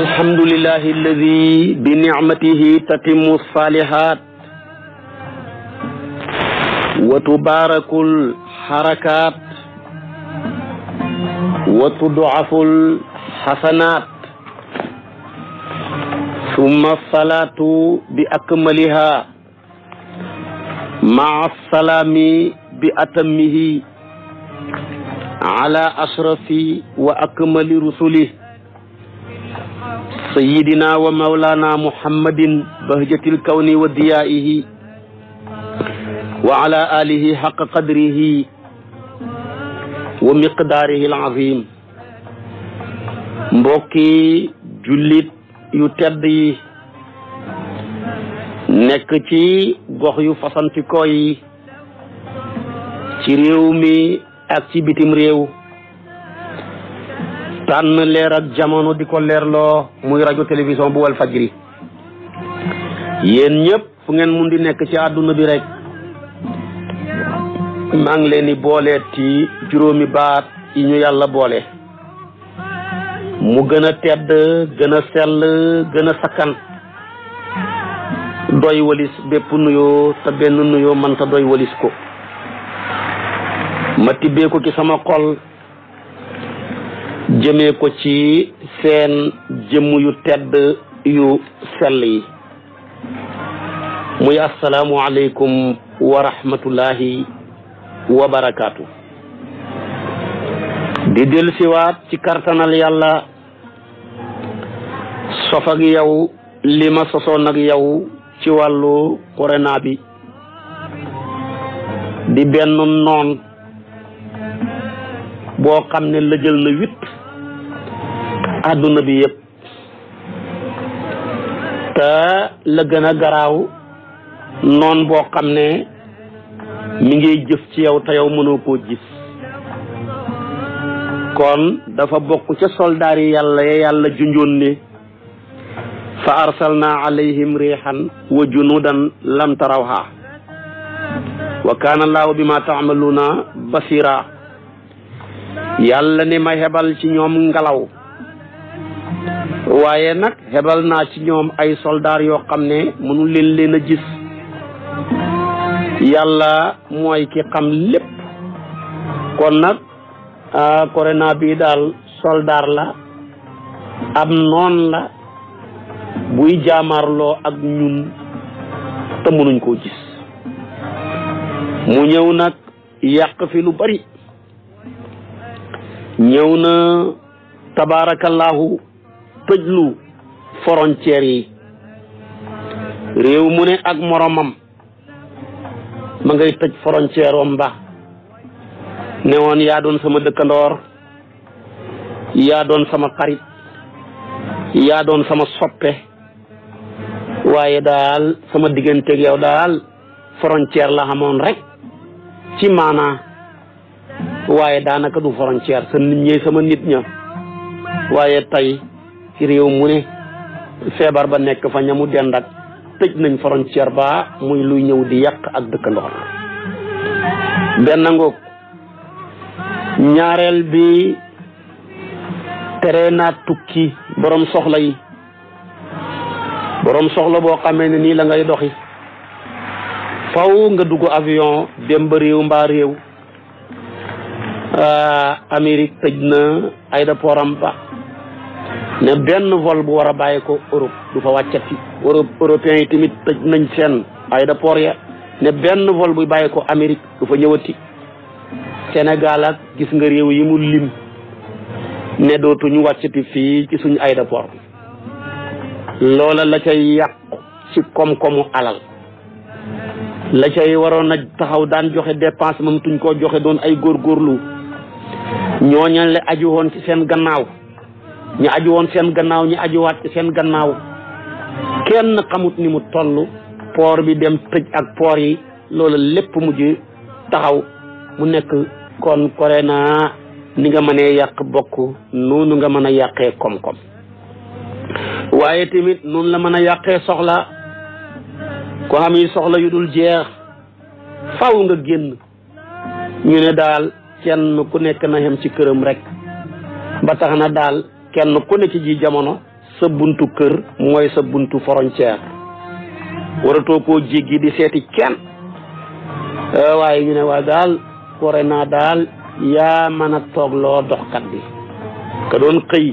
alhamdulillahi alladi bi nicmatihi tatimu salihat wa tubaarakul xarakaat wa tudcaful xasanaat summa salaatu bi akmaliha maa salaami bi atamihi ala ashrafi wa akmali rusuli sayidina wa maulana muhammadin bahjatil kawni wa diyaihi wa ala alihi haqa qadrihi wa miqdaarihi alazim mbokki jullit yu tedd yi nekk ci gox yu fasantikoo yi ci réew mi ak ci bitim réew tànn leer ak jamono di ko leerloo muy rajo télévision bu wal fajri yéen ñëpp fu ngeen mun di nekk ci àdduna bi rek maa ngi leen di boolee ci juróomi baat yi ñu yàlla boole mu gën a tedd gën a sell gën a sakkan doy walis bépp nuyoo te benn nuyoo mën ta doy walis ko ma tibbee ko ci sama xol jëme ko ci seen jëmm yu tedd yu sell yi muy asalaamu aleykum wa rahmatullahi wa barakaatu di dellusiwaat ci kartanal yàlla sof ak yow sosoon ak yow ci wàllu corona bi di benn noon boo xam ne lëjël na huit àdduna bi yëpp te la gën a garaaw noon boo xam ne mu ngi jëf ci yow te yow mënoo koo gis kon dafa bokk ca soldaar yi yàlla ya yàlla junjoon ne fa arsalna alayhim rihan wa junudan lam tarawha wa kaana allahu bima taamaluuna basira yàlla ne ma hebal ci ñoom ngelaw waaye nag xebal naa ci ñoom ay soldaar yoo xam ne mënu leen leen a gis yàlla mooy ki xam lépp kon nag corona bi daal soldaar la am noon la buy jaamaarloo ak ñun te mënuñ koo gis mu ñëw nag yàq fi lu bari ñëw na tabaarakallaahu lu frontières yi réew mu ne ak moroomam ma ngay tëj frontière am ba ne yaa doon sama dëkkandoor yaa doon sama xarit yaa doon sama soppe waaye daal sama digganteeg yow daal frontière la xamoon rek ci maanaa waaye daanaka du frontière sa nit ñëy sama nit ña waaye tey réew mu ne feebar ba nekk fa ñamu dend ak tëj nañ frontière ba muy luy ñëw di yàq ak dëkkandoor benn ngoog ñaareel bi tere naa tukki boroom soxla yi boroom soxla boo xamee ne nii la ngay doxi faw nga dugg avion dem ba réew mbaa réew Amérique tëj na aéroport am ba ne benn vol bu war a bàyyi ko Europe du fa wàccati Europe européens yi tamit tëj nañ seen aéroport ya ne benn vol bu bàyyi ko Amérique du fa ñëwati Sénégal ak gis nga réew yi mu lim ne dootuñu wàccati fii ci suñu aéroport loola la cay yàqu ci koom-koomu alal la cay waroon a taxaw daan joxe dépense moom tuñ koo joxe doon ay góor góorgóorlu ñooñale aju woon ci seen gannaaw ñu aju woon seen gannaaw ñu ajuwaat ci seen gannaaw kenn xamut ni mu toll poor bi dem tëj ak poor yi loolu lépp mujj taxaw mu nekk kon kore naa ni nga mënee yàq bokk noonu nga mën a yàqee koom-koom waaye tamit noonu la mën a yàqee soxla ko xam yi soxla yu dul jeex faw nga génn ñu ne daal kenn ku nekk na xem ci këram rek ba tax na daal kenn ku ne ci ji jamono sa buntu kër mooy sa buntu frontière waratoo koo jéggi di seeti kenn waaye ñu ne waa daal kore naa daal yaa mën a toog toogloo doxkat bi ka doon xëy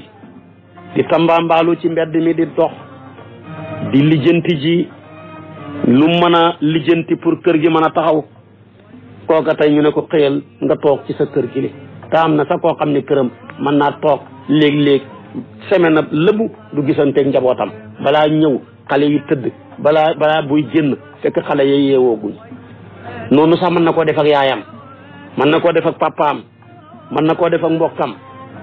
di tambaambaalu ci mbedd mi di dox di lijjanti ji lu mën a lijjanti pour kër gi mën a taxaw kooka tey ñu ne ko xëyal nga toog ci sa kër gi li te na sa koo xam ne këram mën naa toog léeg-léeg semaine ab lëbu du gisanteeg njabootam balaa ñëw xale yi tëdd balaa balaa buy génn fekk xale yi yeewooguñ noonu sax mën na koo defak yaayam mën na koo def ak papaam mën na koo def mbokkam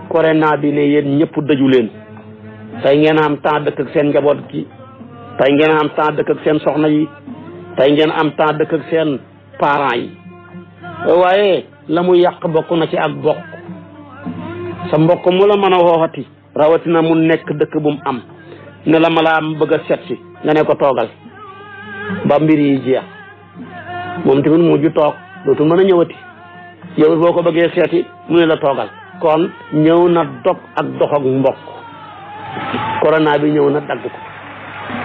kore naa bi ne yéen ñëpp dëju leen tey ngeen am temps dëkk ak seen njaboot gi tey ngeen am temps dëkk ak seen soxna yi tey ngeen am temps dëkk ak seen parents yi waaye la mu yàq bokk na ci ak bokk sa mbokk mu la mën a wooxati rawatina mu nekk dëkk bu mu am ne la ma laa bëgg a seet si nga ne ko toogal ba mbir yi jeex moom tamit mujj toog dootul mën a ñëwati yow boo ko bëggee seeti mu ne la toogal kon ñëw na dog ak dox ak mbokk corona bi ñëw na dagg ko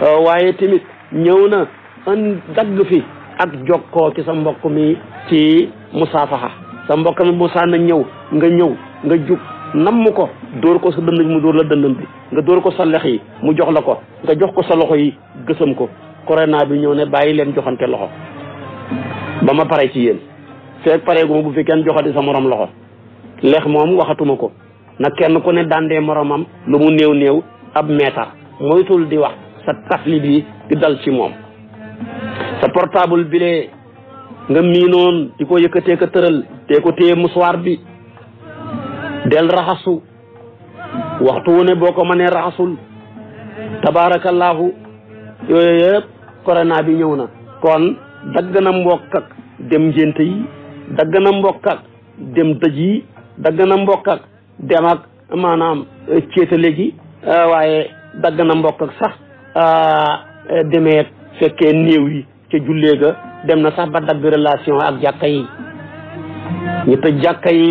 euh, waaye tamit ñëw na an dagg fi ak jokkoo ci sa mbokk mi ci musaafaxa sa mbokk mi mu na ñëw nga ñëw nga jug nam mu ko dóor ko sa dënd bi mu dóor la dëndam bi nga dóor ko sa lex yi mu jox la ko nga jox ko sa loxo yi gësam ko corona bi ñëw ne bàyyi leen joxante loxo ba ma pare ci yéen feek pareeguma bu fi kenn joxati sa moroom loxo lex moom waxatuma ko na kenn ku ne dàndee moromam lu mu néew néew ab meetar moytul di wax sa tafli bi di dal ci moom sa portable bi lee nga miinoon di ko yëkkatee ko tëral te ko téye musuwaar bi del raxasu waxtu wu ne boo ko mënee raxasul tabaarakallaahu yooyu yëpp corona bi ñëw na kon dagg na mbokk ak dem ngénte yi dagg na mbokk ak dem dëj yi dagg na mbokk ak dem ak maanaam céetale gi waaye dagg na mbokk ak sax ah, demee fekkee néew yi ca jullee ga dem na sax ba dagg relation ak jàkka yi ñu jàkka yi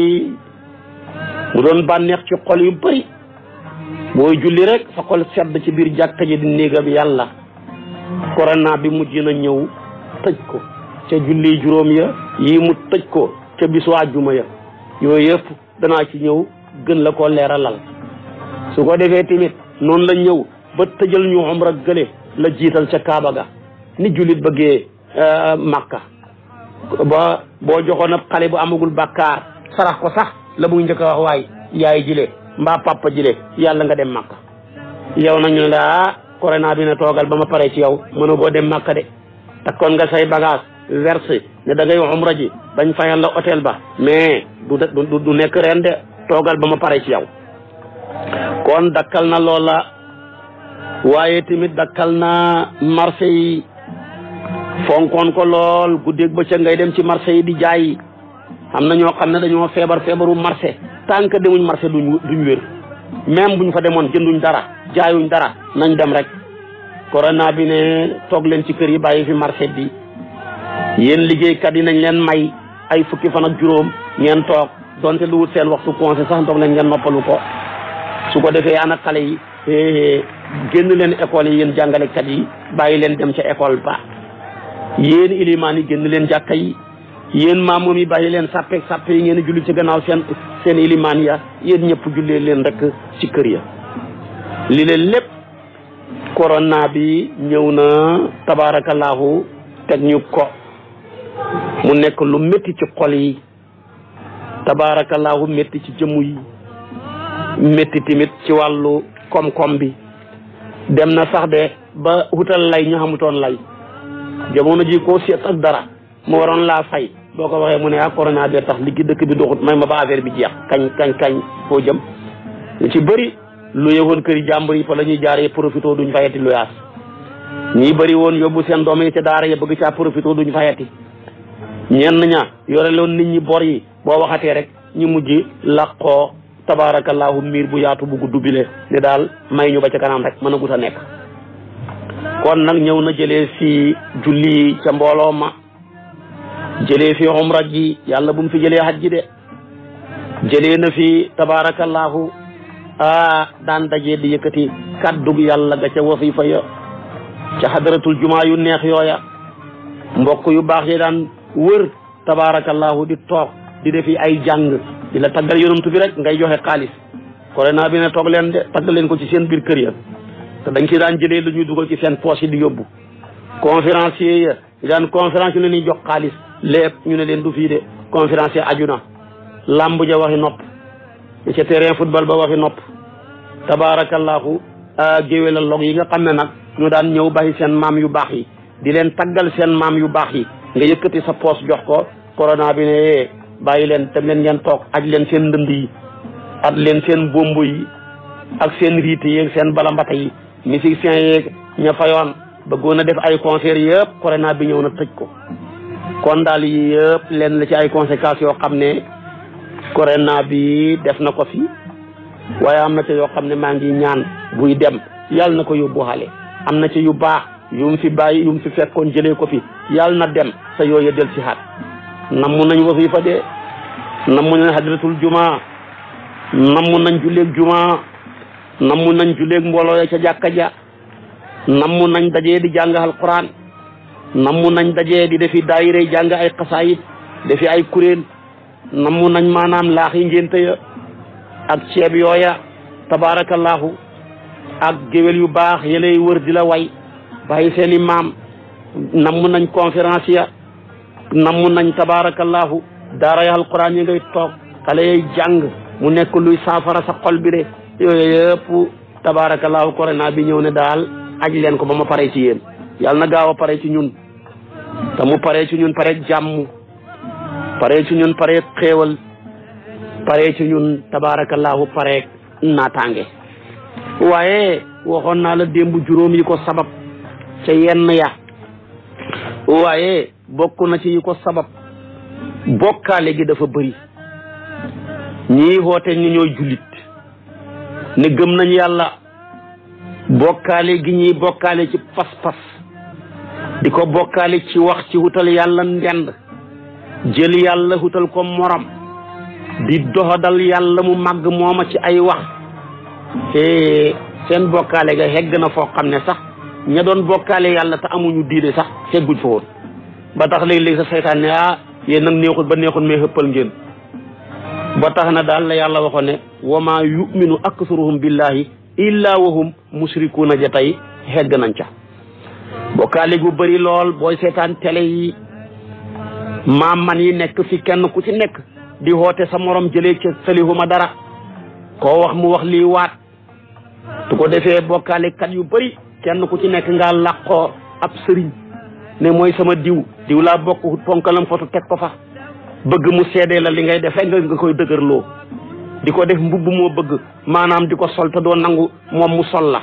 mu doon bànneex ci xol yu bëri booy julli rek sa xol sedd ci biir jàkka ji di néegam yàlla corona bi mujj na ñëw tëj ko ca julli juróom ya yii mu tëj ko ca bisu àjjuma ya yooyu yëpp danaa ci ñëw gën la ko leeralal su ko defee tamit noonu la ñëw ba tëjal ñu umra gële la jiital ca Kaaba ga ni jullit bëggee euh, Makka ba boo joxoon ab xale bu amagul bàkkaar sarax ko sax la muy njëkk wax waay yaay jile mbaa papa jile yàlla nga dem màkk yow nag ñu ne la ah corona bi na toogal ba ma pare ci yow mënu boo dem màkk de takkoon nga say bagage verse ne da ngay umra ji bañ fa la hôtel ba mais du du nekk ren de toogal ba ma pare ci yow kon dakkal na loola waaye tamit dakkal na marché yi fonkoon ko lool guddeeg bëccëg ngay dem ci marché yi di jaay am na ñoo xam ne dañoo feebar feebaru marché tant que demuñ marché duñ duñ wér même buñ fa demoon jënduñ dara jaayuñ dara nañ dem rek corona bi ne toog leen ci kër yi bàyyi fi marché bi yéen liggéeykat yi nañ leen may ay fukki fan ak juróom ngeen toog donte lu wut seen waxtu conseil sax toog leen ngeen noppalu ko su ko defee ana xale yi eh, génn leen école yi yéen jàngalekat yi bàyyi leen dem ca école ba yéen ilimaan yi génn leen jàkka yi yéen maamoom yi bàyyi leen sàppeek sàppe yi ngeen julli ci gannaaw seen seen ilimaan ya yéen ñëpp jullee leen rek ci kër ya li leen lépp corona bi ñëw na tabaarakallaahu teg ñu ko mu nekk lu métti ci xol yi tabaarakallaahu métti ci jëmm yi metti tamit ci wàllu koom-koom bi dem na sax de ba wutal lay ñu xamutoon lay jamono ji ko seet ak dara mu waroon laa fay boo ko waxee mu ne ah corona tax liggi dëkk bi doxut may ma ba affaire bi jeex kañ kañ kañ foo jëm ñu ci bëri lu yewoon kër jàmb yi fa la ñuy jaaree profité duñ fayati lu yaas ñii bëri woon yóbbu seen doom yi ca daara ya bëgg caa profité duñ fayati ñenn ña yore loon nit ñi bor yi boo waxatee rek ñu mujj laqoo tabaarakallaahu miir bu yaatu bu gudd bile ne daal may ñu ba ca kanam rek mën a gut a nekk kon nag ñëw na jëlee si julli ca mbooloo ma jëlee fi umra ji yàlla bu mu fi jëlee hajji de jëlee na fi tabarakallahu ah daan dajee di yëkkati kàddug yàlla ga ca wasifa ya ca xadaratul jumaa yu neex yooya mbokk yu baax ye daan wër tabarakallahu di toog di defi ay jàng di la taggal yonantu bi rek ngay joxe xaalis corona bi ne toog leen de taggal leen ko ci seen biir kër ya dañ ci daan jëlee lu ñuy dugal ci seen poche yi di yóbbu conférencier ya daan conférence yu ne ni jox xaalis lépp ñu ne leen du fii de conférence ya aju na làmb ja waxi nopp ca terrain football ba waxi nopp tabaarakallaahu géwéla log yi nga xam ne nag ñu daan ñëw bàyyi seen maam yu baax yi di leen taggal seen maam yu baax yi nga yëkkati sa poos jox ko corona bi ne eh, bàyyi leen tam leen ngeen toog aj leen seen ndënd yi at leen seen bombo yi ak seen riite yeeg seen bala balambata yi musiciens yeeg ña fayoon bëggoon a def ay concert yëpp corona bi ñëw na tëj ko kon daal yii yëpp lenn la ci ay conséquences yoo xam ne corona bi def na ko fi waaye am na ci yoo xam ne maa ngi ñaan buy dem yàlla na ko yóbbu xale am na ci yu baax yu mu fi bàyyi yu mu fi fekkoon jële ko fi yàlla na dem te yooyu del ci xaat namm nañ wasifa de namm nañ hadratul juma namm nañ julleeg juma namm nañ julleeg mbooloo ya ca jàkka ja namm nañ dajee di jàng alquran namm nañ dajee di defi daayire jàng ay xasaayit defi ay kuréel namm nañ maanaam laax yi ngénte ya ak ceeb yooya tabaarakallaahu ak géwél yu baax yelay wër di la way bàyyi seen i maam namm nañ conférence ya namm nañ tabaarakallaahu daara ya alquran yi ngay toog xale yay jàng mu nekk luy saafara sa xol bi de yooyu yëpp tabaarakallaahu corona bi ñëw ne daal aj leen ko ba ma pare ci yéen yàlla na gaaw a pare ci ñun te mu pare ci ñun pare jàmm pare ci ñun pare xéewal pare ci ñun tabaarakallaahu pare naataange waaye waxoon naa la démb juróom yi ko sabab ca yenn ya waaye bokk na ci yi ko sabab bokkaale gi dafa bëri ñii woote ñu ñooy jullit ne gëm nañ yàlla bokkaale gi ñuy bokkaale ci pas-pas di ko bokkaale ci wax ci wutal yàlla ndend jël yàlla wutal ko morom di doxadal yàlla mu màgg mooma ci ay wax te seen bokkaale ga hegg na foo xam ne sax ña doon bokkaale yàlla te amuñu diine sax segguñ fa woon ba tax léegi-léegi sa seytaan ne ah yéen nag neexul ba neexul mais xëppal ngeen ba tax na daal la yàlla waxoon ne wama yuminu aksaruhum billahi illa wahum musrikuuna ja tey hegg nañ ca bokkaale gu bari lool booy seetaan télé yi maam man yi nekk fi kenn ku ci nekk di hoote sa morom jëlee ca salihuma dara ko wax mu wax lii waat du ko defee bokkaale kat yu bëri kenn ku ci nekk nga làqoo ab sëriñ ne mooy sama diw diw laa bokk ponkalam foto teg ko fa bëgg mu seedee la li ngay defee nga koy dëgërloo di ko def mbubb moo bëgg maanaam di ko sol te doo nangu moom mu sol la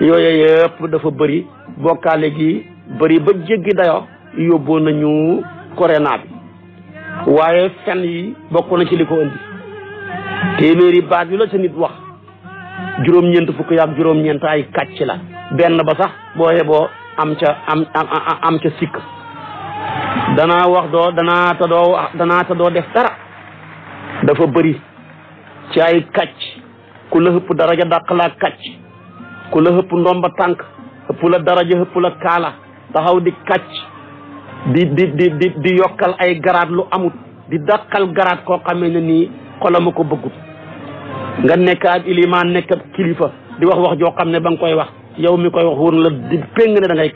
yooyu yëpp dafa bëri bokkaale gi bëri ba jéggi dayo yóbboo nañu corona bi waaye fen yi bokk na ci li ko indi téeméeri baat yu la sa nit wax juróom-ñeent fukk yaak juróom-ñeent ay kàcc la benn ba sax boo yeboo am ca ca sikk danaa wax doo danaa ta doo wax danaa ta doo def dara dafa bëri ci ay kàcc ku la hëpp daraja dàq laa kàcc ku la hëpp ndomba tànk ëpp la daraja ëpp la kaala taxaw di kàcc di di di yokkal ay garaat lu amut di dàqal garaat koo xam ne nii xolama ko bëggut nga nekk ab ilimaan nekk kilifa di wax wax joo xam ne ba nga koy wax yow mi koy wax wóor la di péng ne da ngay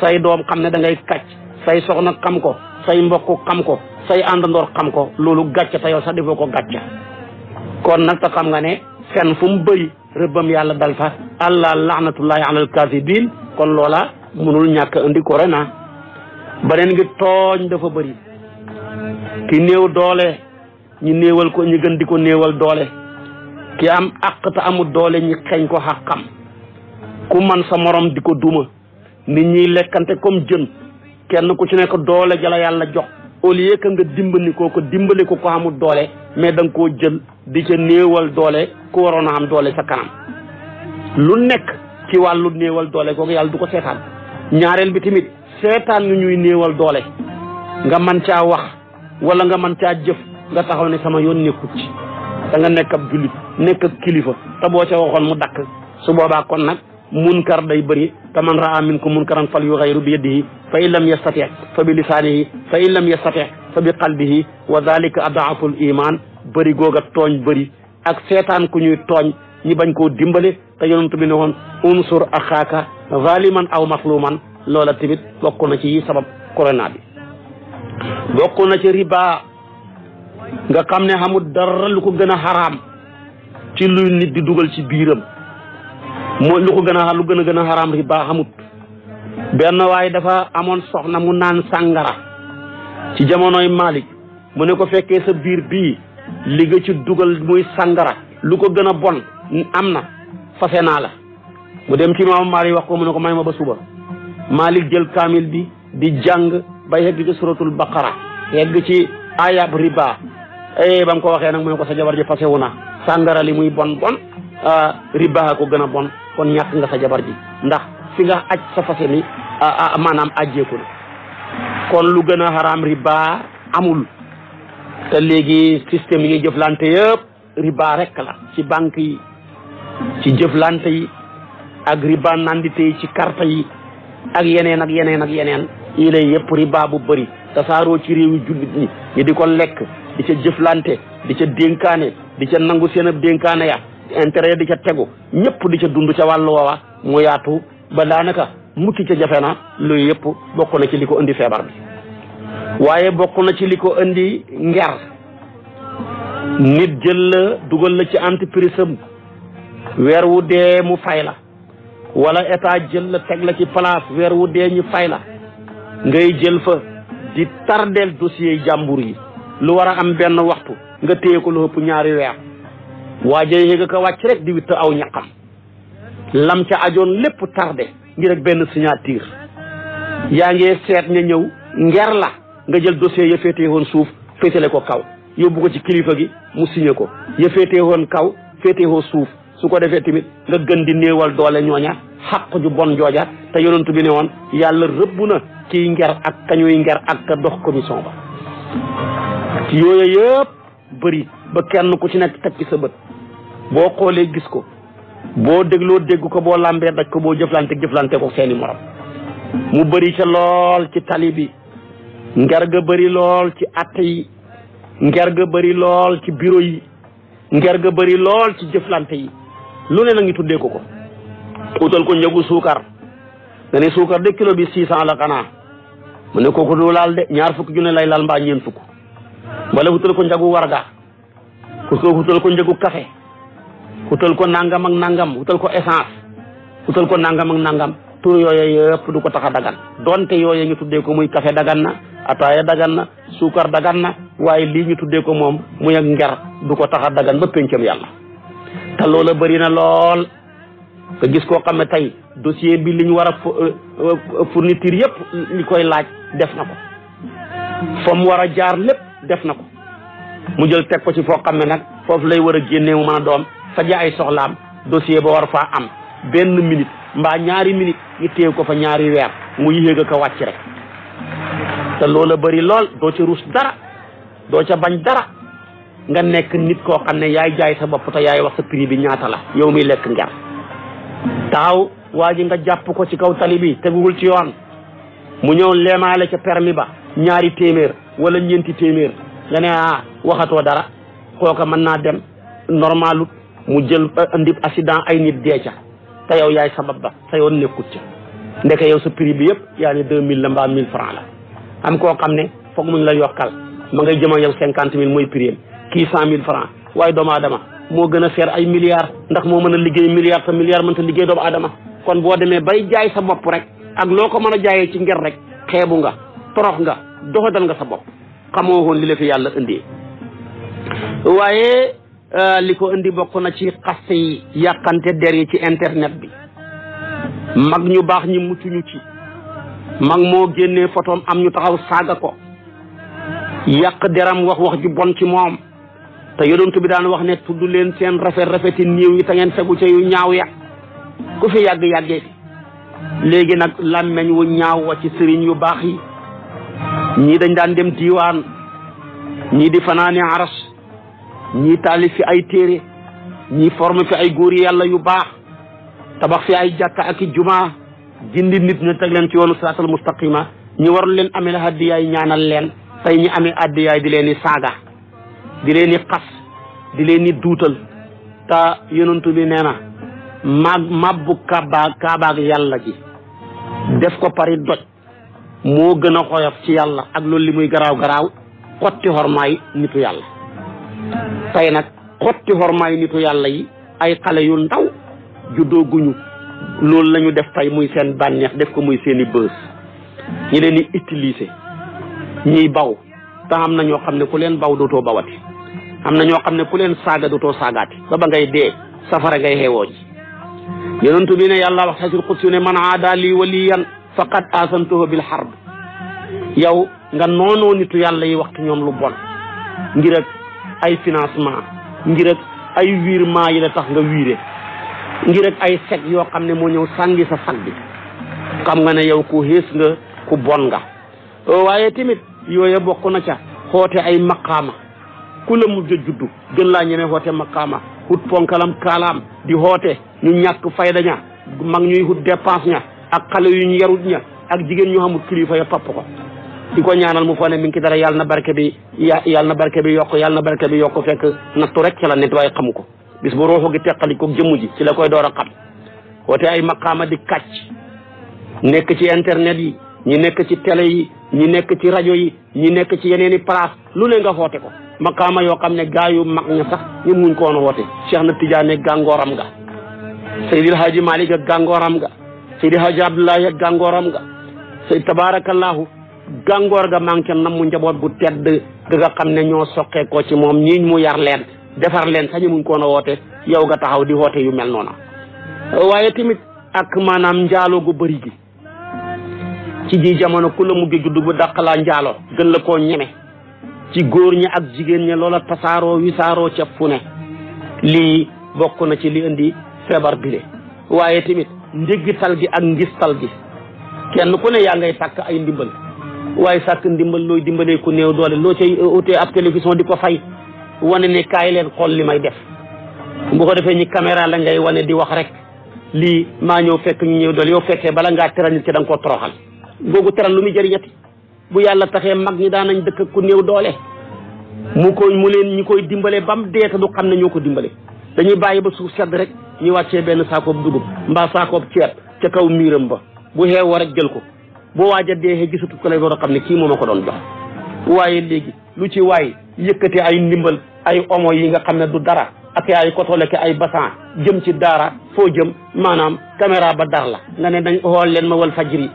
say doom xam ne da ngay kàcc say soxna xam ko say mbokk xam ko say àndandoor xam ko loolu gàcce te yow sax defoo ko gàcce kon nag te xam nga ne fen fu mu bëri rëbbam yàlla dal fa allah laanatullahi alal kaasibiin kon loola mënul ñàkk indi corona beneen ngi tooñ dafa bëri ki néew doole ñi néewal ko ñi gën di ko néewal doole ki am àq te amul doole ñi xeeñ ko xàqam ku man sa morom di ko duma nit ñiy lekkante comme jën kenn ku ci nekk doole jala yàlla jox au lieu que nga dimbali koo ko dimbali ko ko amul doole mais da nga koo jël di ca néewal doole ku waroon a am doole sa kanam lu nekk ci wàllu néewal doole kooku yàlla du ko seetaan ñaareel bi tamit seetaan nga ñuy néewal doole nga man caa wax wala nga man caa jëf nga taxaw ne sama yoon nekkut ci da nga nekk jullit nekk ab kilifa te boo ca waxoon mu dakk su boobaa kon nag mun munkar day bari bëri te man raa minkum munkaran fal yughayyiru bi yadihi fa in lam yastati fa bi lisaanihi fa in lam yastati fa bi qalbihi wa dalika adaaful iman bëri goog tooñ bëri ak seetaan ku ñuy tooñ ñi bañ koo dimbale te yonent bi ne woon unsur axaaka zaliman aw masluman loola tamit bokk na ci sabab corona bi bokk na ci riba nga xam ne xamul dara lu ko gën a xaraam ci luy nit di dugal ci biiram mooy lu ko gën gën a gën a xaraam riba xamut benn waaye dafa amoon soxna mu naan sàngara ci jamonoy Malick mu ne ko fekkee sa biir bii li nga ci dugal muy sàngara lu ko gën a bon am na fase naa la mu dem ci maam Malick wax ko mu ne ko may ma ba suba Malick jël kaamil bi di jàng bay yegg ci suratul baqara yegg ci ayab riba eh ba mu ko waxee nag mu ne ko sa jabar ji fasewu na sàngara li muy bon bon ah, riba ko gën a bon kon ñàkk nga sa jabar ji ndax fi nga aj sa fase ni ah, ah, maanaam ajjeeku na kon lu gën a xaraam riba amul te léegi système yi ñuy jëflante yëpp riba rek la ci banque yi ci jëflante yi ak riba nandite yi ci carte yi ak yeneen ak yeneen ak yeneen yi lay yëpp riba bu bëri tasaaroo ci réew yi jullit ñi ñu di ko lekk di ca jëflante di ca dénkaane di ca nangu seen ab dénkaane ya intérêt di ca tegu ñëpp di ca dund ca wàllu woowa mu yaatu ba daanaka mucc ca jafe na loolu yëpp bokk na ci li ko indi feebar bi waaye bokk na ci li ko indi nger nit jël la dugal la ci entreprise weer wu dee mu fay la wala état jël la teg la ci place weer wu dee ñu fay la ngay jël fa di tardeel dossier jàmbur yi lu war a am benn waxtu nga téye ko lu ëpp ñaari weer waaje yéeg ka wàcc rek di witt aw ñaqam lam ca ajoon lépp tardé ngir ak benn signature yaa ngi seet ña ñëw nger la nga jël dossier ya féetee woon suuf féetale ko kaw yóbbu ko ci kilifa gi mu signé ko ya féetee woon kaw féetee woo suuf su ko defee tamit nga gën di néewal doole ñooña xaq ñu bon jooja te yonent bi ne woon yàlla rëbb na kiy nger ak kañuy nger ak ka dox commission ba yooyu yëpp bëri ba kenn ku ci nekk teg ci sa bët boo xoolee gis ko boo dégloo dégg ko boo làmbee daj ko boo jëflante jëflante ko seeni morom mu bëri ca lool ci tali bi nger ga bëri lool ci atte yi nger ga bëri lool ci bureau yi nger ga bëri lool ci jëflante yi lu ne na tuddee ko ko utal ko njëgu suukar nga ne suukar de kilo bi six la xanaa mu ne kooku du laal de ñaar fukki junne lay laal mbaa ñeent fukk wala utal ko njëgu warga ku ko utal ko njëgu café utal ko nangam ak nangam utal ko essence utal ko nangam ak nangam tur yooyu yëpp du ko tax a dagan donte yooyu ñu tuddee ko muy café dagan na ataaya dagan na suukar dagan na waaye lii ñu tuddee ko moom muy ak nger du ko tax a dagan ba péncam yàlla loolu loola bëri na lool nga gis koo xam ne tey dossier bi li ñu war a euh, euh, fourniture yëpp li koy laaj def na ko fa war a jaar lépp def na ko mu jël teg ko ci foo xam ne nag foofu lay war a génnee mu mën a doom faje ay soxlaam dossier ba war faa am benn minute mbaa ñaari minute ñu téye ko fa ñaari weer mu yéeg ko wàcc rek te loola bari lool doo ca ruus dara doo ca bañ dara nga nekk nit koo xam ne yaay jaay sa bopp te yaay wax sa prix bi ñaata la yow mi lekk nger taaw waa ji nga jàpp ko ci kaw tali bi teguwul ci yoon mu ñëw leemaale ca permis ba ñaari téeméer walla ñeenti téeméer nga ne ah dara kooka mën naa dem normalut mu jël indi accident ay nit dee ca te yow yaay sabab ba te yoon nekkut ca ndeke yow sa prix bi yëpp yaa ni deux mille la mbaa mille franc la am koo xam ne foog mu ñu la yokkal ma ngay jëm ak yow mille mooy prix am kii cent mille franc waaye doomu aadama moo gën a seer ay milliards ndax moo mën a liggéey milliards te milliards mënta liggéey doomu aadama kon boo demee bay jaay sa bopp rek ak loo ko mën a jaayee ci nger rek xeebu nga torox nga doxadal nga sa bopp xamoo woon li la fi yàlla indee waaye Euh, li ko indi bokk na ci xaste yi yàqante der yi ci internet bi mag ñu baax ñi mucc ñu ci mag moo génnee photom am ñu taxaw saaga ko yàq deram wax wax ju bon ci moom te yonent bi daan wax ne tudd leen seen rafet rafeti niiw yi te ngeen fegu ca yu ñaaw ya ku fi yàgg yàggee léegi nag làmmeñ wu ñaaw wa ci sëriñ yu baax yi ñii dañ daan dem diiwaan ñii di fanaane aras ñii taalif fi ay téere ñii forme fi ay góor yàlla yu baax tabax fi ay jàkka ak i jumaa gindi nit ñu teg leen ci yoonu siraatal mustaqima ñu waroon leen amee la addiyaay ñaanal leen tey ñi amee addiyaay di leen i saaga di leen i xas di leen i duutal te yonentu bi nee na maag mabbu kaaba kaabaag yàlla ji def ko pari doj moo gën a xoyof ci yàlla ak loolu li muy garaaw garaaw xotti xormaay nitu yàlla tey nag xotti xormaay nitu yàlla yi ay xale yu ndaw juddoo guñu loolu la def tey muy seen bànneex def ko muy seeni i bës ñi leen di utiliser ñiy baw tax am na ñoo xam ne ku leen baw dootoo bawati am na ñoo xam ne ku leen saaga dootoo saagaati ba ba ngay dee safara ngay xeewoo ji yonentu bi ne yàlla wax sasul xudsi ne man aada lii waliyan faqad asantuhu bil harb yow nga noonoo nitu yàlla yi waxtu ñoom lu bon ngir ak ay financement ngir ak ay virement yi la tax nga wiire ngir ak ay sec yoo xam ne moo ñëw sànni sa sag bi xam nga ne yow ku xées nga ku bon nga waaye tamit yooya bokk na ca xoote ay maqaama ku la mujj a juddu gën laa ñeme xoote maqaama xut ponkalam kaalaam di xoote ñu ñàkk fayda ña mag ñuy xut dépense ña ak kale yu ñu yarut ña ak jigéen ñu xamul kilifa ya papp ko di ko ñaanal mu foog mi ngi ci dara yàlla na barke bi yàlla na barke bi yokk yàlla na barke bi yokk fekk nattu rek ca la nit waaye xamu ko bis bu ruuxu gi teqali ko jëmm ji ci la koy door a xam woote ay maqaama di kàcc nekk ci internet yi ñi nekk ci télé yi ñi nekk ci rajo yi ñi nekk ci yeneen i place lu ne nga xoote ko maqaama yoo xam ne gaa yu mag ña sax ñun muñ ko woon woote na Tidiane gàngooram nga Seydil Hadji Malick ak gàngooram ga Seydil Hadji Abdoulaye ak gàngooram gàngoor ga manqué nam mu njaboot gu tedd ga nga xam ne ñoo soqee ko ci moom ñiiñ mu yar leen defar leen sañu muñ koon a woote yow ga taxaw di woote yu mel noona waaye tamit ak maanaam njaaloo gu bari gi ci ji jamono ku la mu juddu bu dàq laa njaaloo gën la koo ñeme ci góor ñi ak jigéen ñi loola tasaaroo wisaaroo ca fu ne lii bokk na ci li indi feebar bile waaye tamit ndéggital gi ak ngistal gi kenn ku ne yaa ngay tàkk ay ndimbal waaye sàkk ndimbal looy dimbalee ku néew doole loo cay uh, utee ab télévision di ko fay wane ne kaay leen xool li may def boo ko defee ñi caméra la ngay wane di wax rek lii maa ñëw fekk ñu ñëw doole yow fekkee bala ngaa teral nit ci da nga koo toroxal googu teral lu muy jëriñati bu yàlla taxee mag ñi daanañ dëkk ak ku néew doole mu ko mu leen ñi koy dimbalee ba mu dee te du xam ne ñoo ko dimbale dañuy bàyyi ba suuf sedd rek ñu wàccee benn saakoob dugub mbaa saakoob ceeb ca kaw miiram ba bu xeewoo rek jël ko boo waaj a dee gisatu ko lay door a xam ne kii moom a ko doon jox waaye léegi lu ci waay yëkkati ay ndimbal ay omo yi nga xam ne du dara ak ay kotole ki ay basan jëm ci daara foo jëm maanaam caméra ba dar la nga ne dañ xool leen ma wal fajri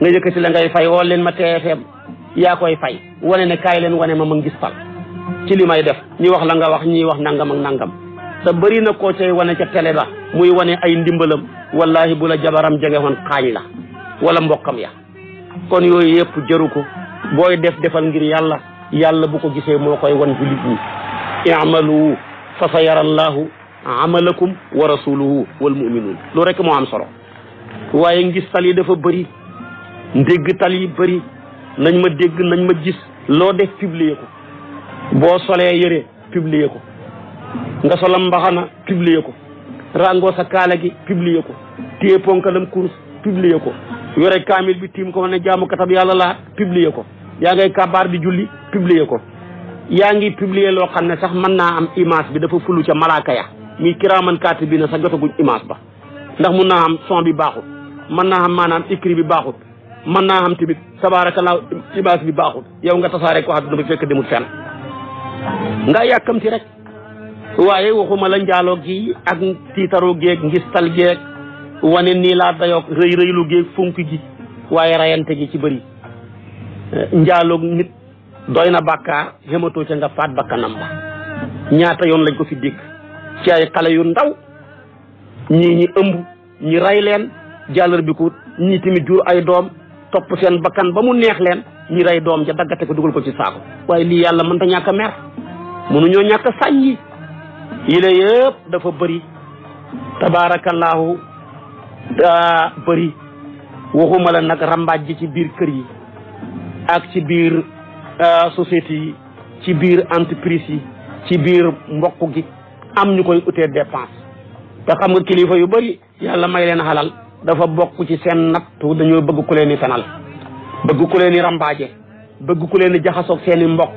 nga yëkkati la ngay fay xool leen ma TFM yaa koy fay wane ne kaay leen wane ma ma gis fal ci li may def ñi wax la nga wax ñi wax nangam ak nangam te bëri na koo cay wane ca tele ba muy wane ay ndimbalam wallahi bu la jabaram jege woon la wala mbokkam ya kon yooyu yëpp jaru ko booy def defal ngir yàlla yàlla bu ko gisee moo koy wan jullit ñi i'malu fa sa yara allahu amalakum wa rasuluhu wal muminuun lu rek moo am solo waaye ngis tal dafa bëri ndégg tali yi bëri nañ ma dégg nañ ma gis loo def publier ko boo solee yére publier ko nga solam mbaxana publier ko ràngoo sa kaala gi publier ko téye ponkalam course publier ko yore kaamil bi tiim ko ne jaamu katab yàlla laa publier ko yaa ngay kabaar bi julli publier ko yaa ngi publier loo xam ne sax mën naa am image bi dafa fulu ca malaaka ya muy kiraaman bii na sax jotaguñ image ba ndax mun naa am son bi baaxut mën naa am maanaam écrit bi baaxut mën naa am tamit tabaarakallaa image bi baaxut yow nga tasaare ko àdduna bi fekk demul fenn nga yàkkamti rek waaye waxuma la njaaloo gi ak tiitaroo geeg ngistal geeg wane nii laa dayoog rëy rëylu géeg fonk ji waaye reyante gi ci bëri eh, njaaloog nit doy na bàkkaar xématoo ca nga faat bakkanam ba ñaata yoon lañ ko fi dégg ci ay xale yu ndaw ñii ñi ëmb ñi rey leen jàllar bi ko ñii tamit jur ay doom topp seen bakkan ba mu neex leen ñi rey doom ja daggate ko dugal ko ci saako waaye lii yàlla mën ta ñàkk a mer mënuñoo ñàkk a sàññi yi la yëpp dafa bëri tabaarakallaahu daa bëri waxuma la nag rambaaj gi ci biir kër yi ak ci biir euh, société yi ci biir entreprise yi ci biir mbokk gi am ñu koy utee dépense te xam nga kilifa yu bari yàlla may leen xalal dafa bokk ci seen nattu dañoo bëgg ku leen i fenal bëgg ku leen i rambaaje bëgg ku leen i jaxasoog seen i mbokk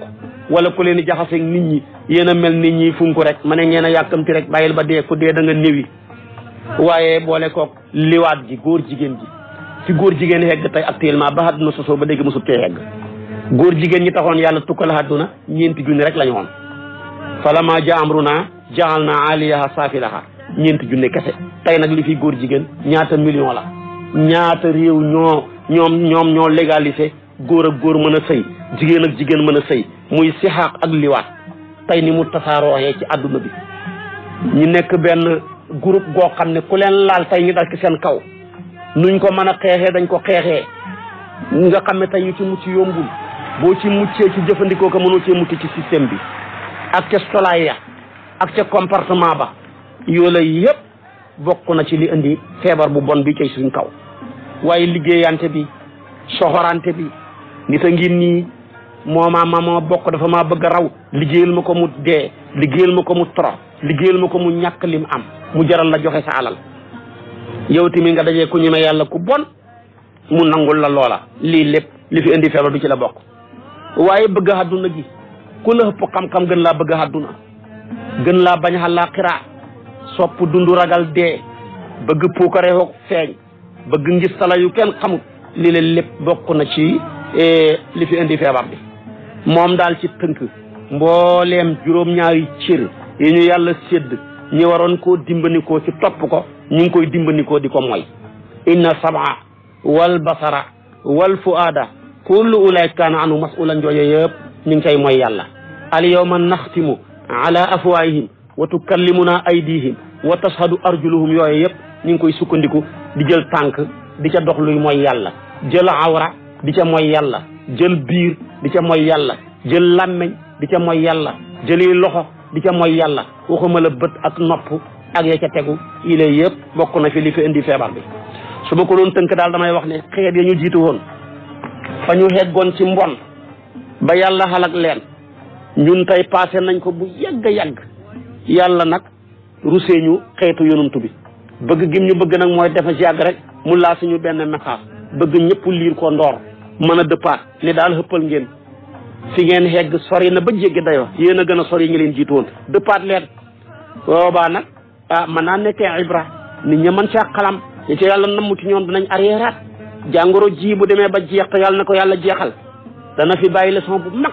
wala ku leen i jaxasoog nit ñi yéen a mel nit ñi funku rek ma ne ngeen a yàkkamti rek bàyyil ba dee ku dee da nga néwi waaye boole kook liwaat gi góor jigéen ji fi góor jigéen hegg tey actuellement ba àdduna sosoo ba léegi mosut cee hegg góor jigéen ñi taxoon yàlla tukkal àdduna ñeenti junni rek la ñu woon falammaa jaa amrunaa ja'alnaa aaliyahaa saafilahaa ñeenti junni kese tey nag li fi góor jigéen ñaata million la ñaata réew ñoo ñoom ñoom ñoo légalisé góor ak góor mën a sëy jigéen ak jigéen mën a sëy muy sixaaq ak liwaat tey ni mu tasaarooxee ci àdduna bi groupe goo xam ne ku leen laal tey ñu dal ci seen kaw nuñ ko mën a xeexee dañ ko xeexee nga xam ne tey yu ci mucc yombul boo ci muccee ci jëfandikoo ko mënoo cee mucc ci système bi ak ca solaay ya ak ca comportement ba yoola yëpp bokk na ci li indi feebar bu bon bi ci suñ kaw waaye liggéeyante bi soxorante bi nit a ngi nii moo ma ma bokk dafa maa bëgg a raw liggéeyal ma ko mu dee liggéeyal ma ko mu trop liggéeyal ma ko mu ñàkk lim am mu jaral la joxe sa alal yow tamit nga dajee ku ñeme yàlla ku bon mu nangul la loola lii lépp li fi indi feebar du ci la bokk waaye bëgg àdduna gi ku la ëpp xam-xam gën laa bëgg àdduna gën laa bañ àllaaxira sopp dundu ragal dee bëgg puukare ko feeñ bëgg ngis yu kenn xamut lii leen lépp bokk na ci eh, li indi feebar bi moom daal ci tënk mbooleem juróom-ñaari cër yi ñu yàlla sédd ñu waroon ko dimbanikoo ci topp ko ñu ngi koy dimbanikoo di ko mooy inna sama wal basara wal fuaada kullu ulaay kaana anu masulan joojo yëpp ñu ngi koy moy yàlla al yawma naxtimu ala afwaayihim wa tukallimuna aydihim wa tashhadu arjuluhum yooyu yëpp ñu ngi koy sukkandiku di jël tànk di ca dox luy mooy yàlla jël awra di ca mooy yàlla jël biir di ca mooy yàlla jël làmmeñ di ca mooy yàlla jëli loxo di ca mooy yàlla waxuma la bët ak nopp ak ya ca tegu ilee yëpp bokk na fi li fi indi feebar bi su ma ko doon tënk daal damay wax ne xeet ya ñu jiitu woon fa ñu heggoon ci mbon ba yàlla xalak leen ñun tey passé nañ ko bu yàgg yàgg yàlla nag rusee ñu xeetu yonantu bi bëgg gim ñu bëgg nag mooy defa ci yàgg rek mu laa suñu benn message bëgg ñëpp liir ko ndoor mën a dëppaat ni daal xëppal ngeen fi ngeen hegg sori na ba jéggi dayoo yéen a gën a sori ñi leen jiitu woon dëppaat leen boobaa nag ah mën naa nekkee ibra nit ñi man caa xalam ñi ci yàlla namm ci ñoom dinañ arriéraat jàngoro ji bu demee ba jeex te yàlla na ko yàlla jeexal dana fi bàyyi leçon bu mag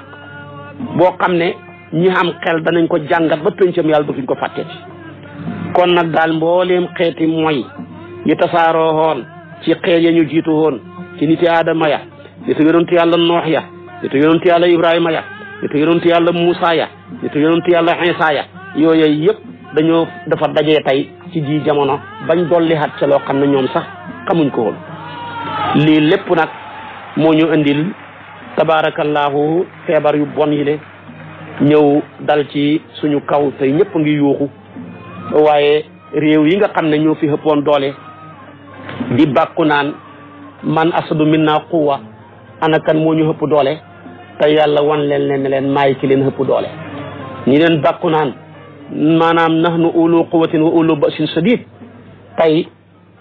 boo xam ne ñi am xel danañ ko jàngat ba péncam yàlla dootuñ ko fàtte ci kon nag daal mbooleem xeeti mooy yi tasaaroo woon ci xeet ya ñu jiitu woon ci niti aadama ya niti yonentu yàlla noox ñi te yonentu yàlla ibrahima ya ñi te yonentu yàlla moussa ya ñi te yonentu yàlla ya yooyu yëpp dañoo dafa daje tey ci ji jamono bañ dolliwaat ca loo xam ne ñoom sax xamuñ ko woon lii lépp nag moo ñu indil tabaarakallaahu feebar yu bon yi le ñëw dal ci suñu kaw tey ñëpp ngi yuuxu waaye réew yi nga xam ne ñoo fi xëppoon doole di bàkku naan man asadu minna quwa ana kan moo ñu ëpp doole te yàlla wan leen leen ne leen maay ki leen ëpp doole ñi leen bàkku naan maanaam nahnu ulu quwatin wa ulu basin sadid tey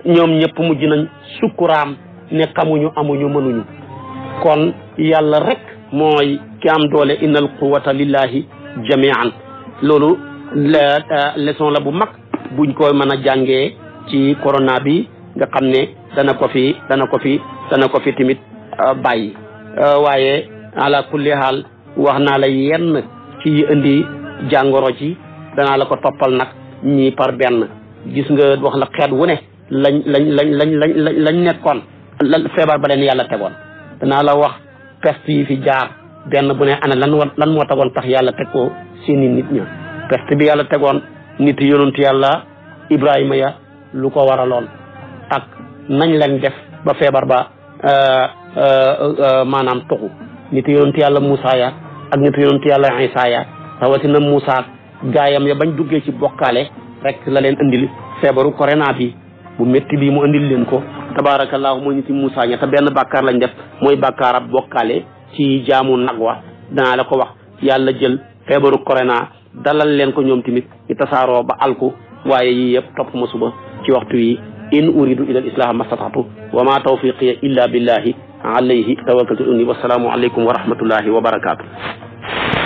ñoom ñëpp mujj nañ sukkuraam ne xamuñu amuñu mënuñu kon yàlla rek mooy ki am doole innal quwata lillahi jamian loolu la euh, la bu mag buñ koy mën a jàngee ci corona bi nga xam ne dana ko fi dana ko fi dana ko Euh, bàyyi euh, waaye ala kulli haal wax naa la yenn ci yi indi jàngoro ci danaa la ko toppal nag ñii par benn gis nga wax la xeet wu ne lañ lañ lañ lañ lañ lañ nekkoon lan feebar ba leen yàlla tegoon danaa la wax peste yi fi jaar benn bu ne ana lan lan moo tegoon tax yàlla teg ko seeni nit ña peste bi yàlla tegoon nit yonent yàlla ibrahima ya lu ko waraloon ak nañ leen def ba feebar ba Euh, euh, euh, maanaam toxu nitu yonent yàlla Moussa ya ak nitu yonent yàlla Isa ya rawatina Moussa gaayam ya bañ duggee ci bokkaale rek la leen andil feebaru corona bi bu métti bii mu andil leen ko tabaarakallaahu mooy niti ña te benn bàkkaar lañ def mooy bàkkaar ab ci jaamu nag wa danaa ko wax yàlla jël feebaru corona dalal leen ko ñoom tamit ñu ba alku waaye yëpp topp ma suba ci waxtu yi in uridu ilal islaha wa ma tawfiqiya illa billahi alayhi tawakkaltu inni wasalaamu aleykum wa rahmatullahi wa barakaatu